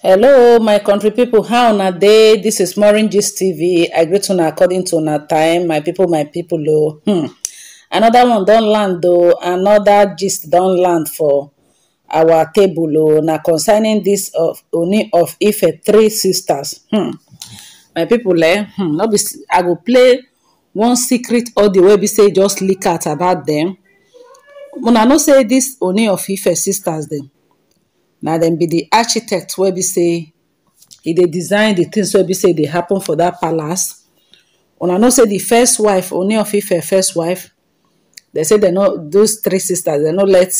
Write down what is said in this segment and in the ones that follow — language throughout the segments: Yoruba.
hello my country people. how na dey This is morning gist tv i greet una according to una time my people. my people, o oh. hmm anoda one don land o oh. Another gist don land for our table o oh. na concerning this of oni of ife three sisters hmm my people, le eh, hmm no be i go play one secret audio wey be say just leak out about dem una know say this oni of ife sisters dem na dem be the architect wey be say e dey design di things wey be say dey happen for dat palace una know say di first wife oni of ife first wife dem say dem no do three sisters dem no let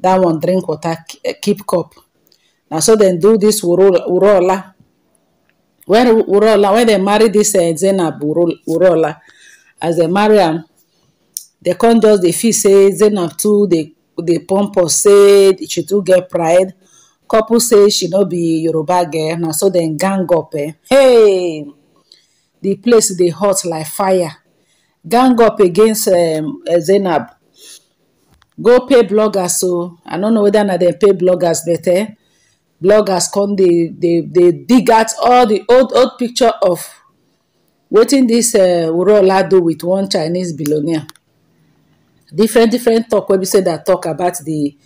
dat one drink water keep cup na so dem do dis wuro when ola when dem marry dis eh, zainab wuro as dem marry am dem just dey fee say zainab too dey. dey pump us say she too get pride couple say she no be yoruba girl na so dem gang up eh hey the place dey hot like fire gang up against um, eh, zainab go pay bloggers so i no know whether na dem pay bloggers better bloggers come dey dig out all the old old picture of wetin dis wurola eh, do with one chinese billionaire different different talk wey be say that talk about the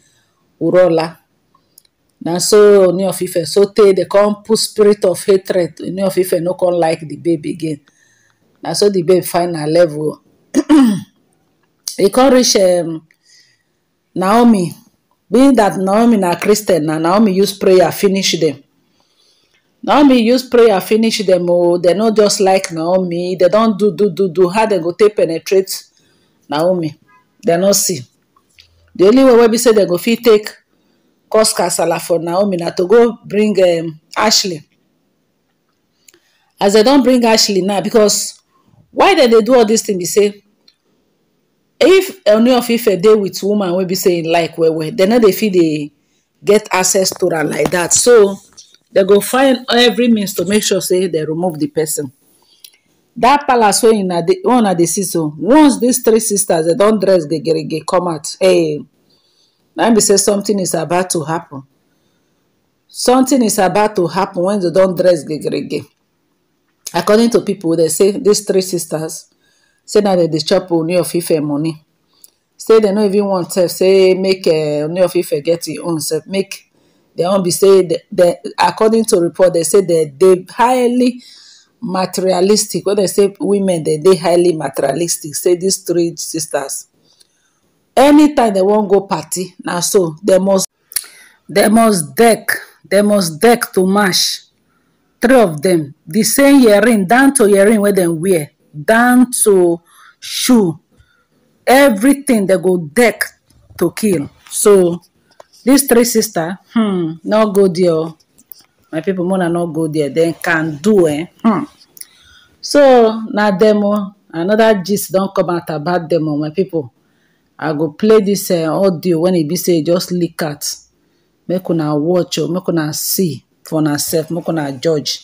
urola na so oni of ife so tey dem come put spirit of hatred oni of ife no come like the babe again na so the babe find her level e come reach um, naomi being that naomi na christian na naomi use prayer finish dem naomi use prayer finish dem o oh, dem no just like naomi dem don do do do do how dem go take penetrate naomi dem no see the only way wey be say dem go fit take cause kasala for naomi na to go bring um, ashley as dem don bring ashley now because why dem dey do all this thing be say if only of ife dey with woman wey be say im e like well well dem no dey fit dey get access to am like that. so dem go find every means to make sure say dem remove the person That palace wey one na dey see so once these three sisters dem don dress gege come out eh na im be say something is about to happen something is about to happen when they don dress gege according to people, dem say these three sisters say na dem dey chop oni of ife money say dem no even want sef say make eh, oni of ife get im e own sef make dem own be say according to report dem say dem dey highly materialistic When dem say women they dey highly materialistic say these three sisters anytime they wan go party na so they must they must deck they must deck to match three of them. The same earring down to earring wey dem wear down to shoe everything dem go deck to kill so these three sisters hmm no go there my people more not go there dem can do eh hmm. so na demo another gist don't come out about demo my people i go play dis eh, audio when e be say e just leak at. make una watch o make una see for una sef make una judge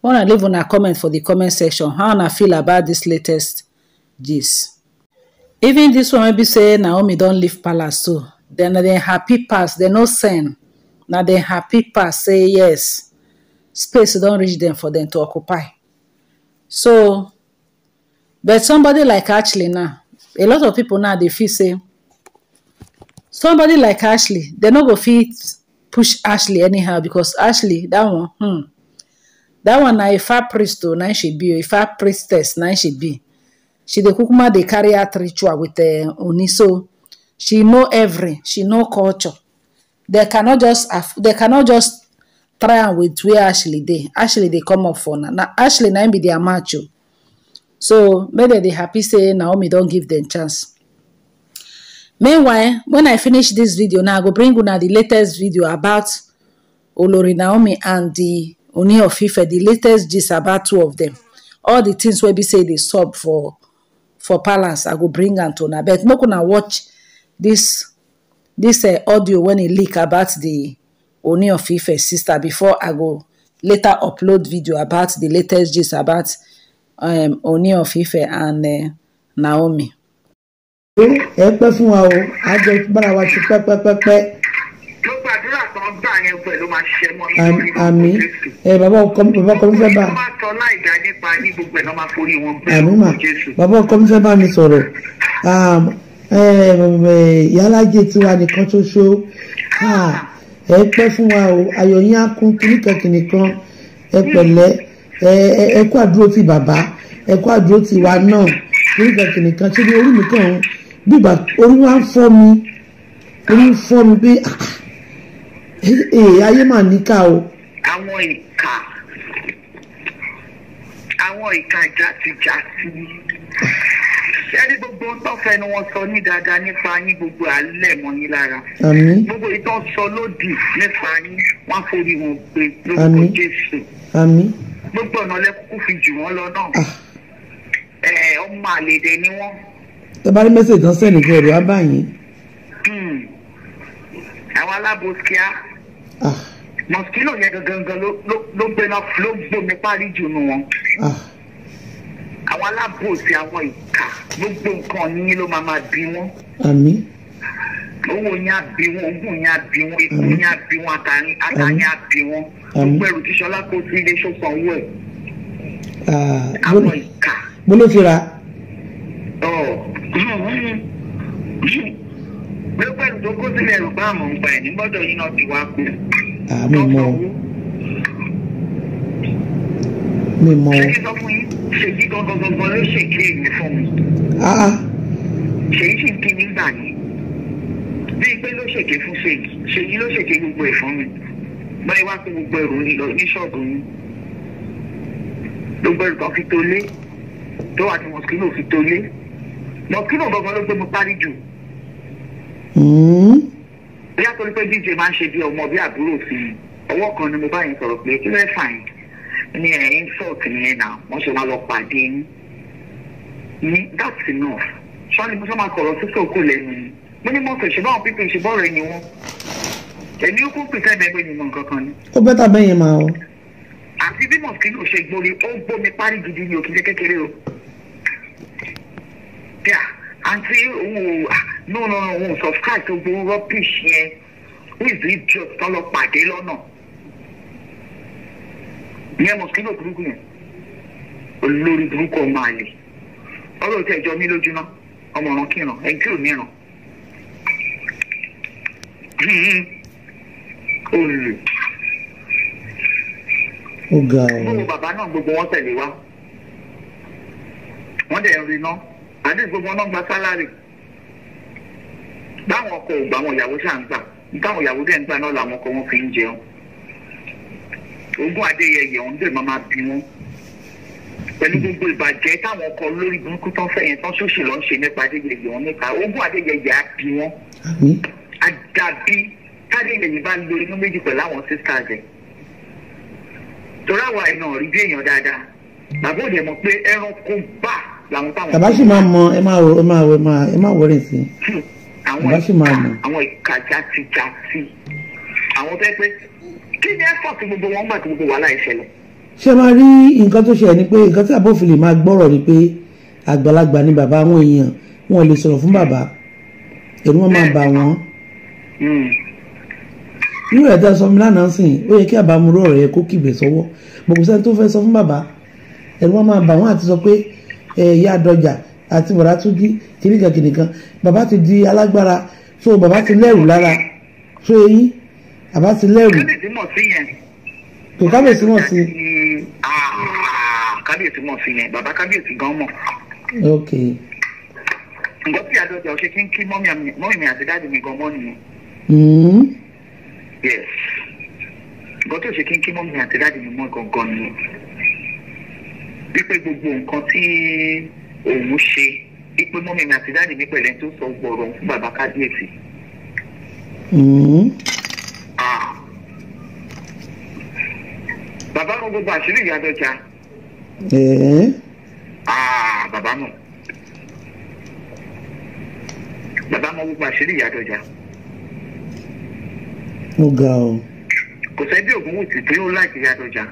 wanna leave on a comment for the comment section how una feel about this latest gist even this one wey be say naomi don't leave palace so they happy pass They no send na dem happy pass say yes space don reach dem for dem to occupy so but somebody like ashley now a lot of pipo now dey feel say somebody like ashley dem no go fit push ashley anyhow becos ashley dat one hmm dat one na ifa priest o na she be a priestess na she be she dey kukuma dey carry out ritual with eh, oni so she know every she no culture. dem cannot just they cannot just try am with where ashley dey ashley dey come up for na ashley na im be dia match o so make dem dey happy say naomi don give dem chance meanwhile wen i finish dis video na i go bring una di latest video about olori naomi and di oni of fifa di latest gist about two of dem all di tins wey be say dey sub for for palace i go bring am to una but make una watch dis. This uh, audio when it leak about the Oni of Ife sister before I go later upload video about the latest gist about um, Ooni of Ife and uh, Naomi. ẹ pẹ́ fún wa o a jọ bára wa ti pẹ́ pẹ́ pẹ́ pẹ́. ló gbàdúrà tó ń gbà yẹn pẹ̀lú máa ṣe mọ́ nítorí àmín ẹ bàbá ọkọ bàbá ọkọ mi fẹ́ bá. bàbá sọ láì dá nípa ní gbogbo ẹ̀ lọ́ máa wọn bẹ́ẹ̀ lọ́wọ́ jésù. bàbá ọkọ mi fẹ́ bá mi sọ̀rọ̀ ìyálájẹ tiwa nìkan ṣoṣo ẹ pẹ́ fún wa o ayọ̀ yín á kún kíníkan kíníkan ẹ pẹ̀lẹ́ ẹ kú àdúró ti bàbá ẹ kú àdúró ti wa náà kíníkan kíníkan ṣé ni orí mi kàn ń bíbà orí wa ń fọ́ mi orí ń fọ́ mi pé ah, ah, ee eh, ayé mà níkà o. àwọn ìka àwọn ìka jàtijàti ẹni gbogbo ń tọ́fẹ́ ni wọ́n sọ ní dáadáa nípa yín gbogbo àlẹ́ mọ́ yín lára. gbogbo ìtọ́ sọ lódì nípa yín wọ́n á forí wọn pé lórúkọ Jésù. gbogbo ọ̀nà lẹ́kùkù fi jù wọ́n lọ náà. Ah. ọmọ àlèdè ni wọ́n. tẹ́ bá rí mẹ́sẹ̀gì kan sẹ́ni kí ẹ̀rọ á bá yín. Hmm. àwọn alábòsíà ah. mọ̀síkìlò yẹn gangan ló gbóná ló gbómi párí jù nù wọn. Ah àwọn alábòsí àwọn ìka gbogbo nǹkan yín ló máa máa bí wọn. àmín. owó yín á bí wọn ogún yín á bí wọn ikú yín á bí wọn àtàyìn àtàyìn á bí wọn. gbogbo ẹrù tí sọlá kó sí ilé ṣọpọ owó ẹ. àwọn ìka. mo ló fi ra. gbogbo ẹrù tó kó sílẹ̀ ẹ̀rù bá àmọ̀ ń pa ẹ̀ ní gbọ́dọ̀ yín náà ti wá kú. àmì mọ́ mi mọ́. ṣé ṣèyí gangan gangan ló ṣèké mi fún mi. Ah. ṣèyí sì ń kí mi gbà yìí bíi pé ló ṣèké fún ṣèyí ṣèyí ló ṣèké gbogbo ẹ̀ fún mi báyìí wá pé gbogbo ẹrù ń lọ ní ṣọ́ọ̀bù mi gbogbo ẹrù kan fi tó lé tó wà ní mọ̀síkínò fi tó lé mọ̀síkínò gangan ló gbé mo parí jù. Hmm. bí a tó ní pé dj máa ń ṣe bí ọmọ bí àbúrò sí i ọwọ́ kan ni mo bá yẹn sọ̀rọ̀ pé kí ló ń fà yín ní ẹ̀ insult nìyẹn náà wọ́n ṣe máa lọ pàdé yín that's enough sọ́ni mo sọ máa kọ̀rọ̀ sí sòkò lẹ́nu ni mo ní mo fẹ́ ṣe báwọn pípín ṣe bọ́ọ̀rọ̀ ẹni wọn èmi ó kún pèsè ẹ̀bẹ̀ pé mi mọ nǹkan kan ni. ó bẹ́tà bẹ́ẹ̀ yẹn máa o. àti bí mọ̀síkínì ò ṣe gbórí ó ń gbómi parí gidi ní òkìlẹ̀ kékeré o. bíà àǹtí òun ò ní òun sọ fúkàtì gbowó rọ́pìṣì yẹn wíìzì idiot tán pàdé lọ́nà ìyẹn mọ̀síkìlò burúkú yẹn olórí burúkú ọmọ àlè ọlọ́run tẹ̀ jọ mí lójúná ọmọ ọ̀ràn kìràn ẹ̀ kí ò níran olè. ó gbogbo bàbá náà gbogbo wọn tẹ̀lé wa wọ́n dẹ̀ ń rinná àdéhùn gbogbo wọn náà gba sálárì báwọn ọkọ ò gbà ìyàwó ṣáà ń ìyàwó dẹ̀ ń gbà náà làwọn ọkọ wọn fi ń jẹun ogún adéyẹyẹ òun dè máa bí wọn pẹ̀lú gbogbo ìbàjẹ́ táwọn ọkọ lórí burúkú tán fẹ́ yẹn tán ṣóṣì lọ́n ṣe nípa adéyẹyẹ òun nípa ogún adéyẹyẹ á bí wọn àdàbí tádéyẹyẹ bá lo inú méjì pẹ̀lú àwọn sisters ẹ̀ torí àwọn àìnà rí bí èèyàn dáadáa bàbá òde mọ̀ pé ẹranko bá làwọn táwọn. bàbá sì máa mọ ẹ máa ro ẹ máa ro ẹ máa wọlé sí i bàbá sì máa mọ. àwọn ìka játijàti àwọn pẹ́pẹ́ kí ni effort gbogbo wọn gbà tó gbogbo wàhálà ìṣẹ̀lẹ̀. ṣé máa rí nǹkan tó ṣe ẹ̀ ni pé nǹkan tí àbófin lè máa gbọ́rọ̀ ni pé àgbàlagbà ni bàbá àwọn èèyàn wọn lè sọ̀rọ̀ fún bàbá ẹ̀rù wọn máa bà wọ́n. Hmm. irú ẹ̀ tí a sọ mi lánàá sìn ó yẹ kí àbámúrò ọ̀rọ̀ yẹ kó kìbẹ̀ sọ́wọ́ bọ̀ kò sẹ́ni tó fẹ́ sọ fún bàbá ẹ̀rù wọn máa bà wọ́n àti sọ pé ẹ̀yà àdọjà àti bàbá tún jí kìnìkan kìnìkan bàbá ti di alágbára so bàbá ti lẹ́rù lára so eyín bàbá ti lẹ́rù. kábíyèsí mọ̀ sí yẹn. kò kábíyèsí mọ̀ sí. Ah, kábíyèsí mọ̀ sí yẹn bàbá kábíyèsí gan mọ̀. ok. ǹjọ́ tí adọ́jà ọ̀ṣẹ́ kí n kí mọ́mì mi àti dáàdì mi gan mọ́ nìyẹn. Hmm. yes ǹjọ́ tí ọ̀ṣẹ́ kí n kí mọ́mì mi àti dáàdì mi mọ́ gangan nìyẹn. wípé gbogbo nǹkan tí òun ṣe wípé mọ́mì mi àti dáàdì mi pẹ̀lẹ́ tó sọ gbọ̀rọ̀ fún bàbá kábíyèsí. Hmm. gbogbo àṣírí ìyá dọjà. Ah, bàbá mọ̀ bàbá mọ̀ gbogbo àṣírí ìyá dọjà. ó ga o. kò sẹ́bí ògùn wò tí tí ó láti ìyá dọjà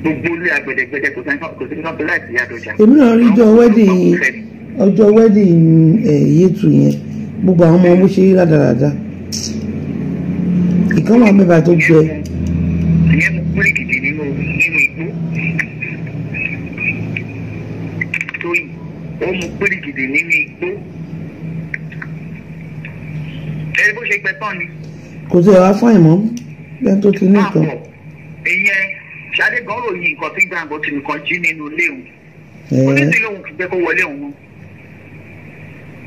gbogbo ilé agbẹ̀dẹ̀gbẹ̀dẹ̀ kò sẹ́ni kan pẹ̀lú àti ìyá dọjà. èmi náà rí ọjọ́ wẹ́dì ọjọ́ wẹ́dì eh, yétu yẹn gbogbo àwọn ọmọ ọmọ ṣe rí rádaràda ìkànnì àmì ìbàdàn gbẹ. mo péré gidi nínú igbó ẹ bó ṣe gbẹ tán ni. kò sí ẹ̀rọ afọ́ ìmọ̀ bẹ́ẹ̀ tó ti ní ah, nǹkan. ìyẹn ṣadé gan ròyìn nǹkan tí gbàǹgbọ́ ti nìkan jí nínú ilé òun onídìrí òun fìgbẹ́ kó wọlé òun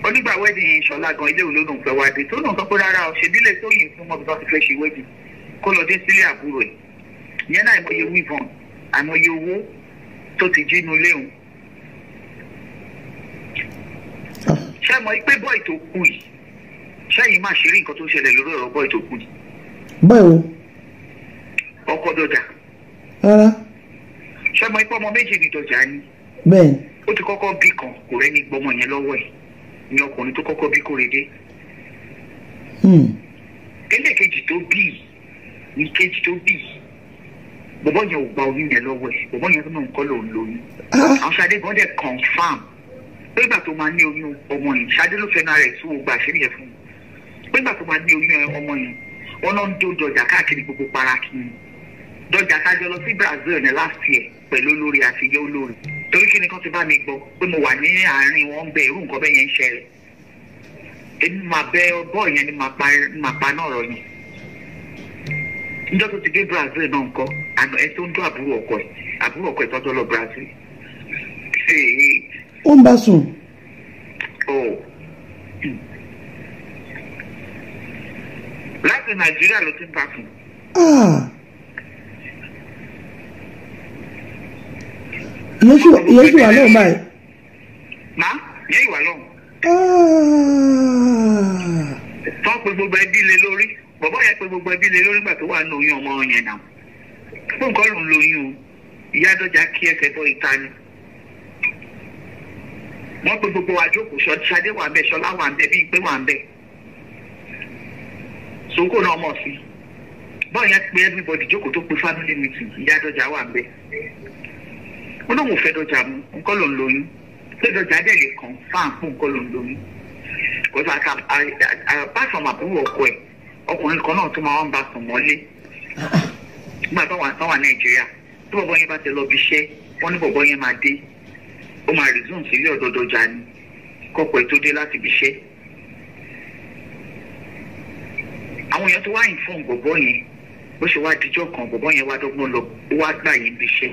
onígbà wẹ́ẹ̀dì yẹn ṣọlá gan ilé òun ló lòun fẹ́ wá dé tó lòun sọ pé rárá o ṣèbí lè tóyìn fún mọ́bí tó ti fẹ́ ṣe wẹ́ẹ̀dì kó lọ dé sílé àbúrò ẹ̀ ìyẹn náà àìmọye wíìvọ̀n àìmọye owó tó ti jí nínú ilé òun ṣé mọ̀ pé bọ́ì tó kú yìí sẹ́yìn máa ṣeré nǹkan tó ń ṣẹlẹ̀ lórí ọ̀rọ̀ bọ́ì tó kú yìí. báwo. ọkọ dọjà. rárá. ṣé mọ̀ pé ọmọ méjì ni dọjà ni. bẹ́ẹ̀. ó ti kọ́kọ́ bí kan kò rẹ́ni gbọ́mọ yẹn lọ́wọ́ ẹ̀ ni ọkùnrin tó kọ́kọ́ bí kórede. Hmm. ẹlẹ́ẹ̀kejì tó bí ní kejì tó bí bọ̀bọ̀ yẹn ò gba oyún yẹn lọ́wọ́ ẹ̀ bọ̀bọ̀ yẹn náà ń kọ́ lòun lóyún. Ah. àwọn sadé gan confam pégbà tó máa ní oyún ọmọ yìí ṣadé ló fẹnu ara ẹ̀ tó o gbà àṣírí ẹ̀ fún un pégbà tó máa ní oyún ọmọ yìí wọn lọ ń dó dọjà káàkiri gbogbo paraki dọjà kájọ lọ sí Brazil ní last year pẹ̀lú olórí àtijọ́ olórí torí kí ni kan ti bá mi gbọ́ pé mo wà ní àárín wọn bẹ irú nǹkan bẹ́ẹ̀ yẹn ń ṣẹlẹ̀ èmi máa bẹ bọ́ọ̀ yẹn ni màá pa náà rọ yẹn níjọ́ tó ti dé Brazil náà ń kọ́ àná ẹ tó ń dún àbúrò ọkọ ẹ̀ àbúrò ọkọ ẹ̀ tọ́jọ́ lọ Brazil ṣe é ó ń bá sùn. Oh. láti nàìjíríà ló ti ń bá sùn. ìyẹn ah. sì wà lóhùn báyìí. má ìyẹn ìwà lóhùn. Ah. tó pe gbogbo ẹbí lé lórí bọ̀bọ́ yẹn pe gbogbo ẹbí lé lórí gbà tó wà ní oyún ọmọ yẹn náà fún nǹkan ló lóyún o ìyá dọ́jà kí ẹsẹ̀ bọ́ ìta ni wọ́n pe gbogbo wa jókòó ṣadé wà bẹ́ẹ̀ ṣọlá wà bẹ́ẹ̀ bí gbé wà bẹ́ẹ̀ sòkò náà mọ̀ sí bọ́ọ̀ yẹn pe everybody jókòó tó pe family meeting ìyá dọ́jà wà bẹ́ẹ̀ ó lóun ò fẹ́ dọ́jà mu nǹkan ló ń lóyún pé dọ́jà dẹ̀ lè kàn fáàpù nǹkan ló ń lóyún kò sọ àkà àbáṣọmọ àbúrò ọkọ ẹ̀ ọkùnrin kan náà tó máa ń bá sùn mọ́lé nígbà tó wà nàìjíríà tó bọ̀bọ̀ yẹn bá ti lọ bí iṣẹ́ wọ́n ní bọ̀bọ̀ yẹn máa dé ó máa resume sílé ọ̀dọ́dọ́ já ni kọ́pọ̀ ẹ̀ tó dé láti ibi iṣẹ́. àwọn èèyàn tó wá inform bọ̀bọ̀ yẹn bó ṣe wá dijọ́ kan bọ̀bọ̀ yẹn wá dọ́gbọ́n lọ wá gbà yín ibi iṣẹ́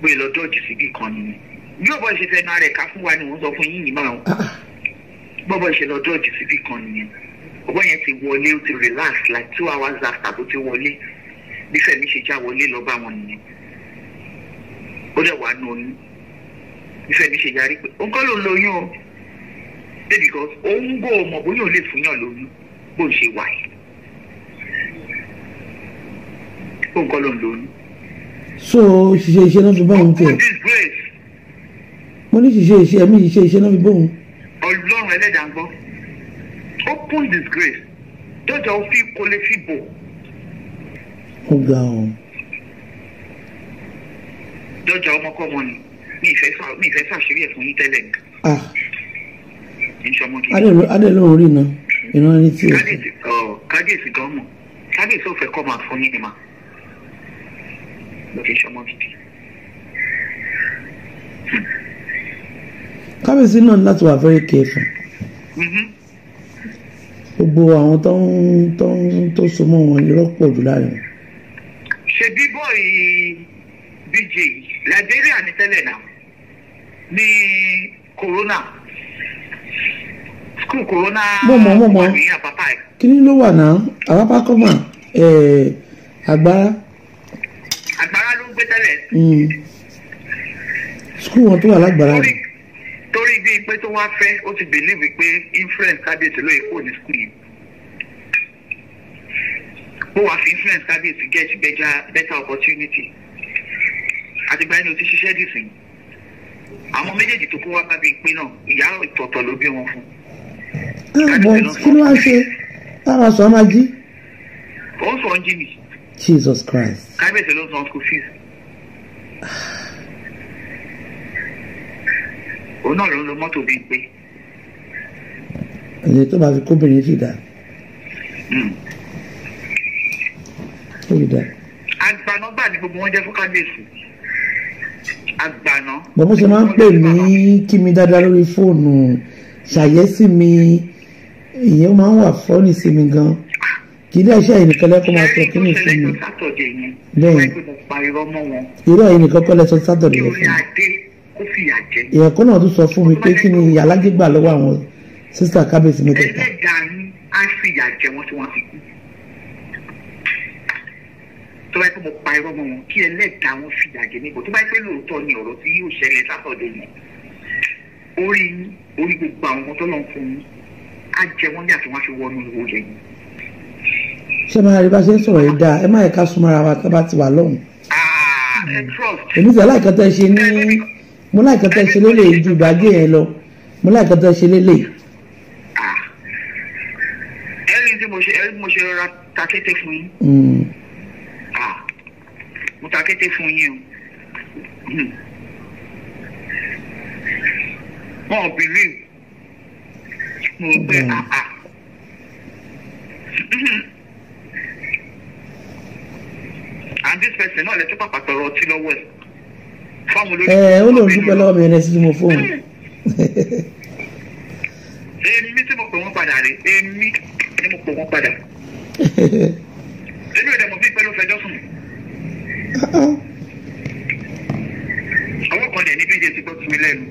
pé lọ dọ́ọ̀jì síbì kan nínú bí ọ̀bọ̀ ṣe fẹ́ náà rẹ̀ ká fún wa ni wọ́n sọ fún yín yìí máa bọ́bọ̀ ṣe lọ dọ́ọ̀jì síbì kan nìyẹn ọ̀bọ̀ yẹn ti wọlé ó ti relax like two hours after bó ti wọlé bí Fẹ́mi ṣe já wọlé lọ bá wọn nìyẹn ó dẹ̀ wà nù oyún ìfẹ́ mi ṣe yarí pé òun kọ́ ló lóyún o ṣé because òun gbọ́ ọmọ bóyá òun lè fún yàn lóyún bó ń ṣe wà yìí òun kọ́ ló ń lóyún. so ṣiṣẹ́ iṣẹ́ náà fi bá òun tẹ̀. mo ní ṣiṣẹ́ iṣẹ́ ẹ̀mí ṣiṣẹ́ iṣẹ́ náà fi bá òun. ọlọ́run ẹlẹ́dàá ń gbọ́ open disgrace jọjọ fi kọ́lé fi bò. ó ga ọ. jọjọ ọmọkọ́mọ ni mi ìfẹ́ sàn mi ìfẹ́ sàn ṣeré ẹ̀ fún yín tẹ́lẹ̀. Ah. adé ló ń rí iná iná ní tí o. kábíyèsí gan mọ̀ kábíyèsí ò fẹ́ kọ́ máa fún yín ni mà ló fi ṣọmọ gidi. kábíyèsí náà láti wà very careful mm-hmm. gbogbo àwọn tó ń tó ń tó so mọ́ wọn irọ́ pọ̀ jù láàrin. ṣe bíbọ̀ yìí bj Liberia ní tẹ́lẹ̀ náà ní corona school corona mọ̀mọ́ mọ̀mọ́ kíní ló wà náà àbábá kọ́mà agbára. agbára ló ń gbé tẹ́lẹ̀. Hmm. school wọn tó wà lágbára rẹ̀. torí bíi pé tó wá fẹ́ ó ti bèlíìfì pé influence kábíyèsí ló yẹ kó ní school yìí ó wàá fi influence kábíyèsí get better opportunity àtìgbà yẹn ló ti ṣiṣẹ́ dìsìn àwọn méjèèjì tó kó wá bá mi pé náà ìyá ìtọ̀tọ̀ ló bí wọn fún. but kí ló wá ṣe tára sọ máa jí. ó sọ ń jí mi. Jesus Christ. kábíyèsí ló san school fees. òun náà ló ń lo mọ́tò bíi pé. èyí tó bá fi kóbìnrin sì dà. Hmm. ó lè dà. àgbànagbà ni gbogbo wọn jẹ́ fún kábíyèsí agbana. bọ́mọ ṣe máa ń pè mí kí mi dáadáa lórí fóònù ṣàyẹ́sí mi ìyẹn máa ń wà fọ́ọ̀nì sí mi gan kì í dá iṣẹ́ ìnìkan lẹ́kọ̀ọ́ máa sọ kí ni fún mi. bẹ́ẹ̀ irọ́ ìnìkan kọ́ lẹ́sọ sátọ̀dẹ̀ yẹn fún mi. èèyàn kan náà tún sọ fún mi pé kí ni ìyá alágbègbà lọ́wọ́ àwọn sísà kábíyèsí mẹ́tẹ̀ẹ̀ta tó bá yẹ kó mo pa irọ́ mọ́ wọn kí ẹlẹ́dàá wọn fìyà jẹ mí bọ̀ tó bá yẹ pé lóòótọ́ ni ọ̀rọ̀ tí yóò ṣẹlẹ̀ sátọ̀dẹ̀ yìí orí orí gbogbo àwọn ọmọ tó lọ́n fún yín á jẹ wọ́n ní àti wọ́n á fi wọnú ìwò yẹn. ṣé máa rí bá ṣe ń sọ̀rọ̀ yìí dáa ẹ má yẹ ká súnmọ́ra wa tá bá ti wà lọ́hùn. Ah, èmi fẹ́ láìka tẹ́ ṣe ní mo láìka tẹ́ ṣe lélẹ̀ ju ìbàjẹ́ yẹn lọ mo láìka tẹ́ ṣe lélẹ̀. Ah. ẹ̀rín tí mo ṣe rọra ta kété fún yín. Hmm mo ta kété fún o wọn ò believe mo rò pé àà and this person náà lè tún pàpà tọrọ ọtí lọ́wọ́ ẹ̀ fáwọn olóyún. ẹ ó lóun dúpẹ́ lọ́wọ́ mi rẹ̀ sí mo fóun. èmi tí mo pè wọ́n padà rè èmi ni mo pè wọ́n padà. ọwọ́ kan dẹ̀ ní bíjẹ́ ti gbọ́ sí mi lẹ́nu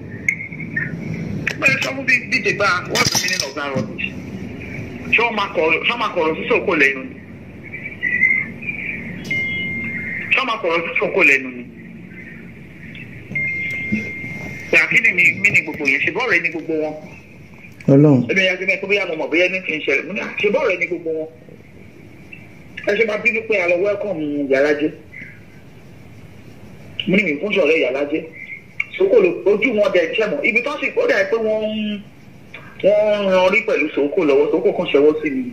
bẹ́ẹ̀ sọ fún bíjẹ́ gba ah, wọ́n ti mi nínú ọ̀gá rọ̀ mi ṣé wọ́n máa kọ̀rọ̀ sí sòkò lẹ́nu ni ṣé wọ́n máa kọ̀rọ̀ sí sòkò lẹ́nu ni kí ni mí ni gbogbo yẹn ṣe bọ́ọ̀ rẹ ni gbogbo wọn. Ọlọ́run. ẹbí ẹyà sí mi kó bóyá mo mọ̀ bóyá ní ti ń ṣẹlẹ̀ mo ní àṣebọ́ọ̀ ah, rẹ ni gbogbo wọn. ẹ ṣe máa bínú pé àlọ́ wẹ́kọ̀mù yàrá jẹ́ mi mi fún sọ̀rọ̀ ìyá lájẹ́ sokolo ojú wọn dẹ̀ jẹ́ mọ́ ibi tó ń sì ó dà pé wọ́n wọ́n ran rí pẹ̀lú soko lọ́wọ́ soko kan ṣọwọ́ sí mi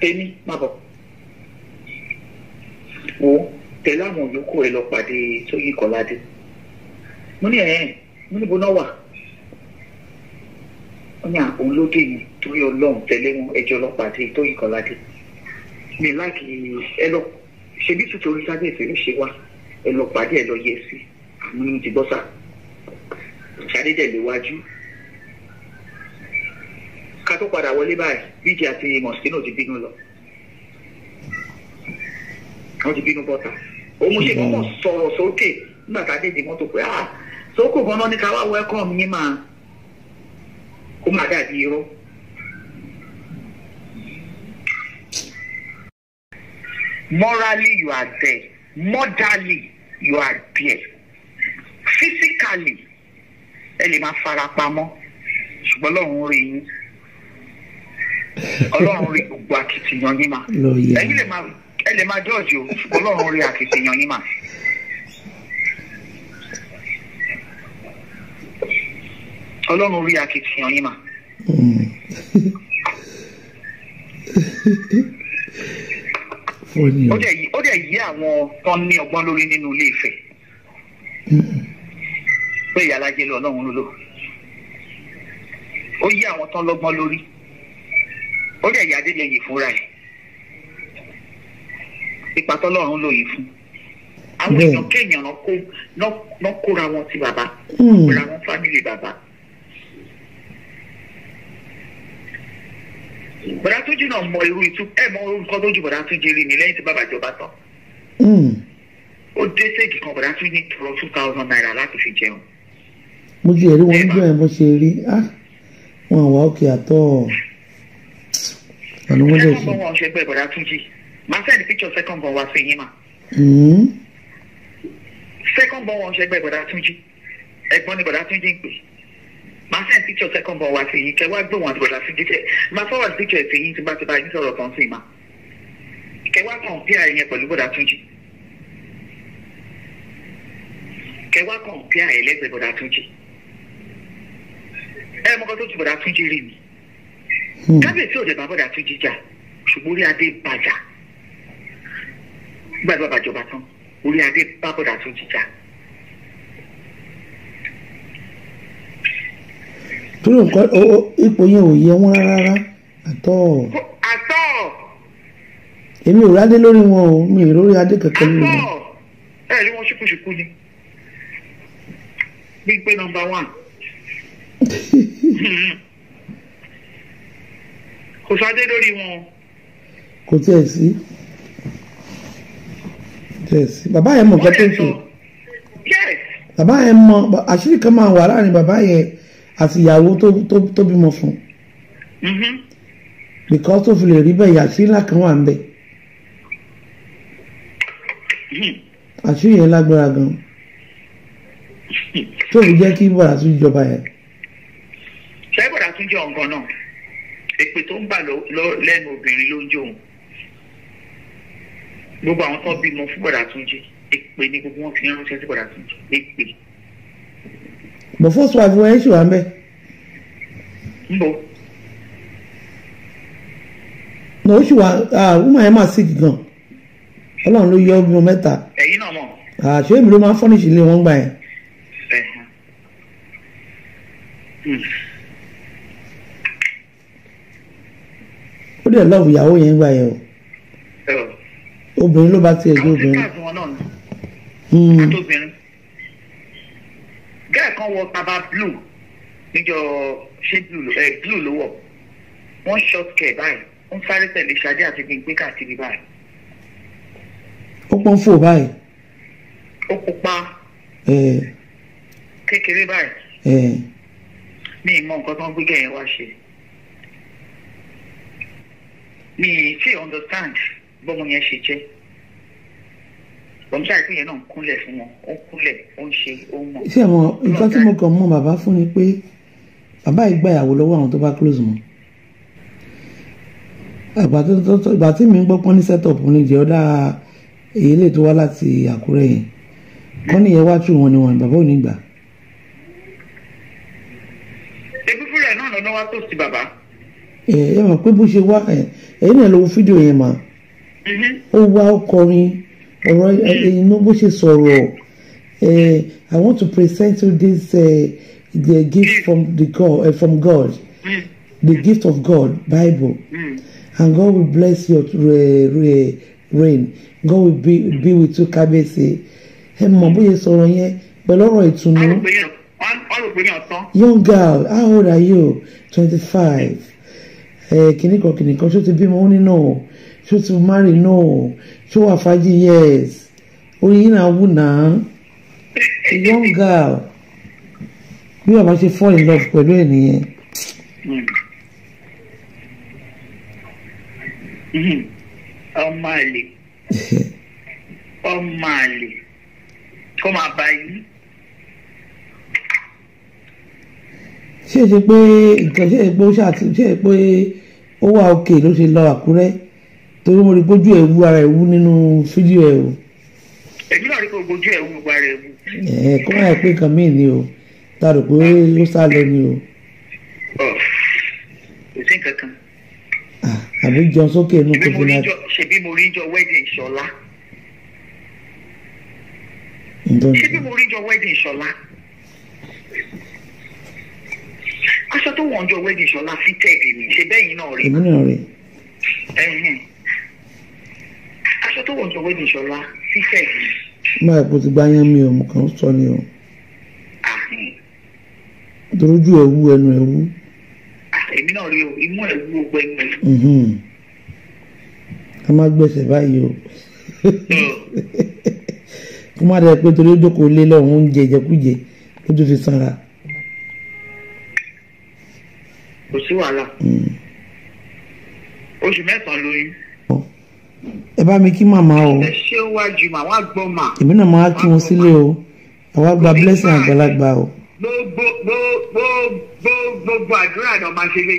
tẹ́ni má bọ̀ wo tẹ̀lé àwọn yòókù ẹ̀ lọ pàdé sóyìn kọ́ládé mo ní ẹ̀ẹ́n mo níbo náà wà ó ní àpò lóde yìí torí ọlọ́run tẹ̀lé wọn ẹjọ́ lọ pàdé kọ́ládé mi láàkì ẹ lọ ṣebí tuntun orí sábẹ́ ìfẹ́ ló ṣe wá ẹ lọ pàdé ẹ lọ yẹ sí àwọn ti gbọ́ sà ṣàdédéléwájú ká tó padà wọlé báyìí bíjì àti mọ̀síkínò ti bínú lọ wọ́n ti bínú bọ́ta òun ṣe kọ́kọ́ sọ̀rọ̀ sókè nígbà tá a dé di mọ́tò pé ah sókò gan-an ní ká wá wẹ́kọ̀m yín máa ó máa dàbí irọ́. morally you are there morally you are there physically ẹ lè máa fara pamọ́ ṣùgbọ́n ọlọ́run rí yín ọlọ́run rí gbogbo akitiyan yín mà ẹ̀yin lè máa ẹ lè máa jọ́ọ̀jì o ṣùgbọ́n ọlọ́run rí akitiyan yín mà. ọlọ́run rí akitiyan yín mà. Hmm. ó dẹ̀ yí dẹ̀ yé àwọn tán ní ọgbọ́n lórí nínú ilé Ifẹ̀ pé ìyálàjẹ lọ Ọlọ́run ló lò ó yé àwọn tán lọ́gbọ́n lórí ó dẹ̀ yá délé yìí fúnra ẹ̀ ipa tọ́lọ́run ló yìí fún àwọn èèyàn hmm. kéèyàn náà kóra wọn ti bàbá hmm. kóra wọn fámìlì bàbá. bọ̀dá tó jìnnà mọ irú ìtú ẹ̀ mọ orúkọ tó jù bọ̀dá tó jẹ́ rí ni lẹ́yìn tí bàbá jọba tán o mm. dé séèkì kan kódà tún ní tọrọ two thousand naira láti fi jẹun. mo ti ẹ̀rí wọn nígbà yẹn bó ṣe rí ah, wọn àwa òkè àtọ́ ọ̀nà wọn lè ṣe. second ìbọ̀dá tún jì máa send picture second born wa sí yín mà. Mm. second born wa ọ̀ṣẹ́gbẹ́ ìbọ̀dá tún jì ẹ̀gbọ́n ni ìbọ̀dá tún jì ń pè máa send picture second born wa sí yín kẹ́ wá wọn ìbọ̀dá tún jì tẹ̀ máa forward picture sí yín tí bá ti bá yín sọ̀rọ̀ kan sí mà kẹwàá kọ̀ǹpìà yẹn pẹ̀lú bọ̀dà túnjì kẹwàá kọ̀ǹpìà yẹn lẹ́gbẹ̀ẹ́ bọ̀dà túnjì ẹ mọ́kọ́ tó ti bọ̀dà túnjì rí mi hmm. kábíyèsí òde bàbá bọ̀dà túnjì jà ṣùgbọ́n orí adé bàjá gbàdúrà bàjọba tán orí adé bá bọ̀dà túnjì jà. torí nǹkan ipò yẹn ò yẹ wọn rárá àtọ́ èmi ò rádé lórí wọn o mi ì rórí adé kankan lórí wọn. ẹ rí wọn ṣùkúṣùkú ni gbígbé nọ́mbà one kò sáde lórí wọn. kò tiẹ̀ sí tiẹ̀ sí bàbá yẹn mọ̀ nǹkan tó ń sọ bàbá yẹn mọ̀ àṣírí kan máa wà láàrin bàbá yẹn àti ìyàwó tó bímọ fún un mm-hmm. because tó fi lè rí bẹ́ẹ̀ yàtí ńlá kan wà ń bẹ́ẹ̀ àṣírí yẹn lágbára gan tó fi jẹ́ kí bọ̀dà tún jọba yẹn. ṣé bọ̀dà tún jọ nǹkan náà èpè tó ń bà lẹ́nu obìnrin ló ń jó òun gbogbo àwọn tó bímọ fún bọ̀dà tún jẹ́ èpè ni gbogbo wọn fi ń ránṣẹ́ sí bọ̀dà tún jẹ́ èpè. bọ̀ fọ́sùn àfihàn ẹ̀ ṣì wà ń bẹ̀. ń ọmọ ẹ̀ máa sick gan. Ọlọ́run ló yọ ọ́ bímọ mẹ́ta. ẹ̀yin náà mọ̀. àṣé èmi ló máa ń fọ́nìṣì lé wọn gbà yẹn. ó dẹ̀ lọ́ọ̀bù ìyàwó yẹn gbà yẹn o obìnrin ló bá tiẹ̀ gbé obìnrin. gẹ́ẹ̀ kan hmm. wọ bàbá blue níjọ ṣé blue ló wọ̀ wọ́n short care báyìí wọ́n sáré tẹ̀lé ṣadé àti gbìngbé káàkiri báyìí ó pọ́n fò báyìí. ó pupa. kékeré báyìí. mi ì mọ nǹkan tó ń gbígbẹ́ yẹn wá ṣe mi ì tí understand bọ́mọ yẹn ṣe jẹ́ bọ́mọ ṣáà ìpínyẹn náà ń kúnlẹ̀ fún wọn ó kúnlẹ̀ ó ń ṣe ó ń mọ̀. ṣé àwọn nǹkan tí mo kàn mọ bàbá fún ni pé bàbá yìí gba ìyàwó lọ́wọ́ àwọn tó bá close mọ́ ìgbà tí mi ń gbọ́ pọ́n ní set up ní jẹ́ ọ́ dáa èyí lè tó wá láti àkúrẹ́ yẹn wọ́n nìyẹn wá tù wọn ni wọn bàbá ò ní gbà. ebi fúnra náà lọ́nà wá tó sí bàbá. ẹ ẹ mọ̀ pé bó ṣe wá ẹ ẹ̀yìn náà ló wo fídíò yẹn mà mhm. ó wá ọkọrin ọ̀rọ̀ ẹ̀yìn náà bó ṣe sọ̀rọ̀ ẹ̀ I want to present you this uh, gift from the God uh, from God mhm. the gift of God Bible mhm. and God will bless your uh, rain God will be, be with you kábíyèsí ẹ mọ̀ bóyá sọ̀rọ̀ yẹn pẹ̀lú ọ̀rọ̀ ìtùnú. young girl how old are you twenty five can you go? Can you go? Should bímọ be ní no Should ti marry no ṣó have fàájì years. oyin yìí náà wù náà young girl bí bàbá ṣe fall in love pẹ̀lú ẹ̀ nìyẹn. Hmm. hmm. àlè ọmọ àlè kó máa bá yí. ṣé ṣe pé nǹkan ṣe pé ó ṣàti ṣe pé ó wà òkè ló ṣe lọ àkúrẹ́ torí mo rí gbójú ẹ̀ wú ara ẹ̀ wú nínú fídíò ẹ̀ o. èmi náà rí kó gbójú ẹ̀ wú gbogbo ara ẹ̀ wú. ẹ kó máa pé kan míì ni o tá a rò pé ó sá ni o. ọ̀ àbí jọ sókè inú kò fún láti. ṣebí mo rí jọ wedding ṣọlá. ṣebí mo rí jọ wedding ṣọlá. aṣọ tó wọ̀n jọ wedding ṣọlá fitted ni ṣe bẹ́yìn náà rí. èmi náà rí. aṣọ tó wọ̀n jọ wedding ṣọlá fitted ni. máa kó ti gbá mi ò mú kàn sọ ni o. torójú ẹ̀ wú ẹnu ẹ̀ wú èmi náà rí o imú ẹ̀ wú ogbó ẹnu ẹ̀. Mhm. ká má gbèsè báyìí o kó má dẹ̀ pé torí ó jókòó lé lọ́hùn oúnjẹ ìjẹkújẹ ó tún fi sanra. kò sí wàhálà mm. oṣù mẹ́sàn-án lóyún. ẹ bá mi kí màmá o. ẹ ṣé wájú màá wá gbọ́ màá. èmi náà máa kí wọn sílé o àwa gba blessing àgbàlagbà o. gbogbo gbogbo gbogbo àdúrà náà máa ṣe lé.